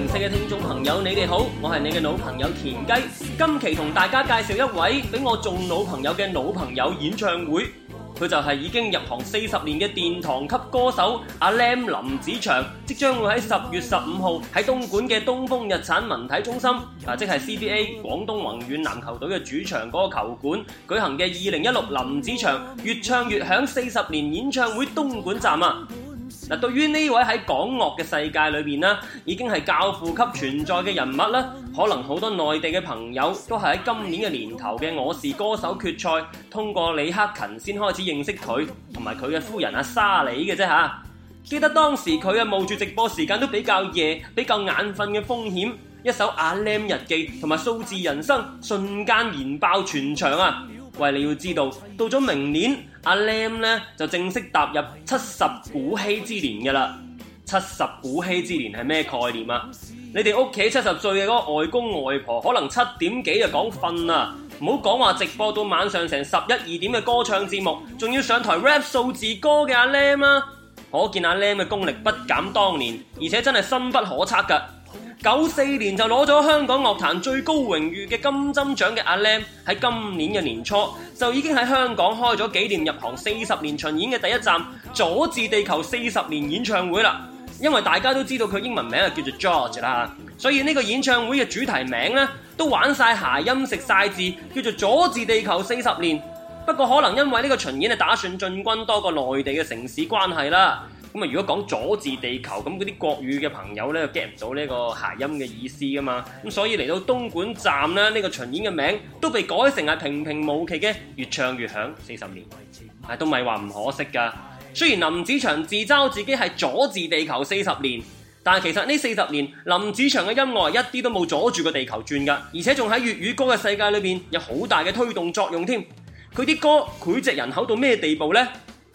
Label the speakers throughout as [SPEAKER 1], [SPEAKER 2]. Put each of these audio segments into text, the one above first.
[SPEAKER 1] 認識嘅聽眾朋友，你哋好，我係你嘅老朋友田雞，今期同大家介紹一位俾我做老朋友嘅老朋友演唱會，佢就係已經入行四十年嘅殿堂級歌手阿 Lam 林子祥，即將會喺十月十五號喺東莞嘅東風日產文體中心，啊，即係 CBA 廣東宏遠籃球隊嘅主場嗰個球館舉行嘅二零一六林子祥越唱越響四十年演唱會東莞站啊！嗱，對於呢位喺港樂嘅世界裏面啦，已經係教父級存在嘅人物啦，可能好多內地嘅朋友都係喺今年嘅年頭嘅《我是歌手》決賽，通過李克勤先開始認識佢同埋佢嘅夫人阿 Sally 嘅啫嚇。記得當時佢嘅冒住直播時間都比較夜，比較眼瞓嘅風險，一首《阿 Lam 日記》同埋《數字人生》瞬間燃爆全場啊！喂，你要知道，到咗明年阿 Lam 呢就正式踏入七十古稀之年嘅啦。七十古稀之年係咩概念啊？你哋屋企七十歲嘅嗰個外公外婆，可能七點幾就講瞓啦，唔好講話直播到晚上成十一二點嘅歌唱節目，仲要上台 rap 數字歌嘅阿 Lam 啊！可見阿 Lam 嘅功力不減當年，而且真係深不可測噶。九四年就攞咗香港樂壇最高榮譽嘅金針獎嘅阿 Lam 喺今年嘅年初就已經喺香港開咗紀念入行四十年巡演嘅第一站《佐治地球四十年》演唱會啦。因為大家都知道佢英文名係叫做 George 啦，所以呢個演唱會嘅主題名呢，都玩晒諧音食晒字，叫做《佐治地球四十年》。不過可能因為呢個巡演係打算進軍多個內地嘅城市關係啦。咁啊！如果講佐治地球，咁嗰啲國語嘅朋友咧 get 唔到呢個諧音嘅意思噶嘛？咁所以嚟到東莞站啦，呢、這個巡演嘅名都被改成係平平無奇嘅越唱越響四十年。啊，都唔係話唔可惜噶。雖然林子祥自嘲自己係佐治地球四十年，但係其實呢四十年林子祥嘅音樂一啲都冇阻住個地球轉噶，而且仲喺粵語歌嘅世界裏邊有好大嘅推動作用添。佢啲歌膾炙人口到咩地步咧？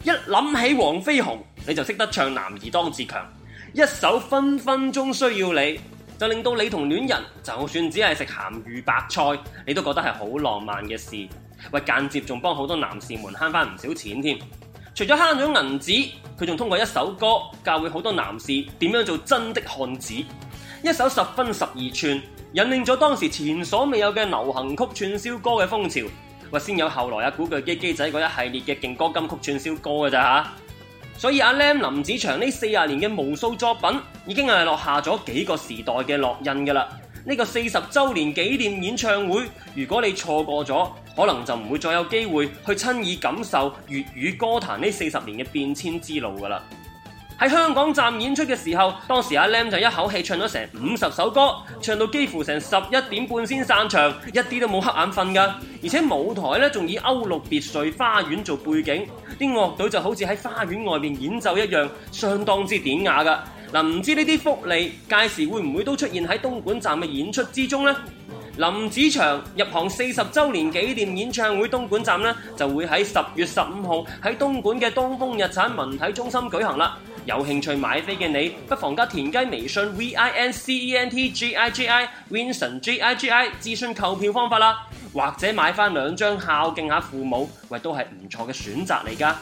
[SPEAKER 1] 一諗起黃飛鴻。你就識得唱男兒當自強，一首分分鐘需要你，就令到你同戀人就算只係食鹹魚白菜，你都覺得係好浪漫嘅事。喂，間接仲幫好多男士們慳返唔少錢添。除咗慳咗銀紙，佢仲通過一首歌教會好多男士點樣做真的漢子。一首十分十二寸，引領咗當時前所未有嘅流行曲串燒歌嘅風潮。喂，先有後來啊古巨基基仔嗰一系列嘅勁歌金曲串燒歌嘅咋嚇？所以阿 Lam 林子祥呢四十年嘅無數作品，已經係落下咗幾個時代嘅烙印㗎啦。呢個四十周年紀念演唱會，如果你錯過咗，可能就唔會再有機會去親耳感受粵語歌壇呢四十年嘅變遷之路㗎啦。喺香港站演出嘅時候，當時阿 Lam 就一口氣唱咗成五十首歌，唱到幾乎成十一點半先散場，一啲都冇瞌眼瞓㗎。而且舞台咧仲以歐陸別墅花園做背景。啲樂隊就好似喺花園外面演奏一樣，相當之典雅噶。嗱、啊，唔知呢啲福利屆時會唔會都出現喺東莞站嘅演出之中呢？林子祥入行四十周年紀念演唱會東莞站咧，就會喺十月十五號喺東莞嘅東風日產文體中心舉行啦。有興趣買飛嘅你，不妨加田雞微信 V I N C E N T G I G I Vincent G I G I 諮詢購票方法啦。或者買返兩張孝敬下父母，哎，都係唔錯嘅選擇嚟㗎。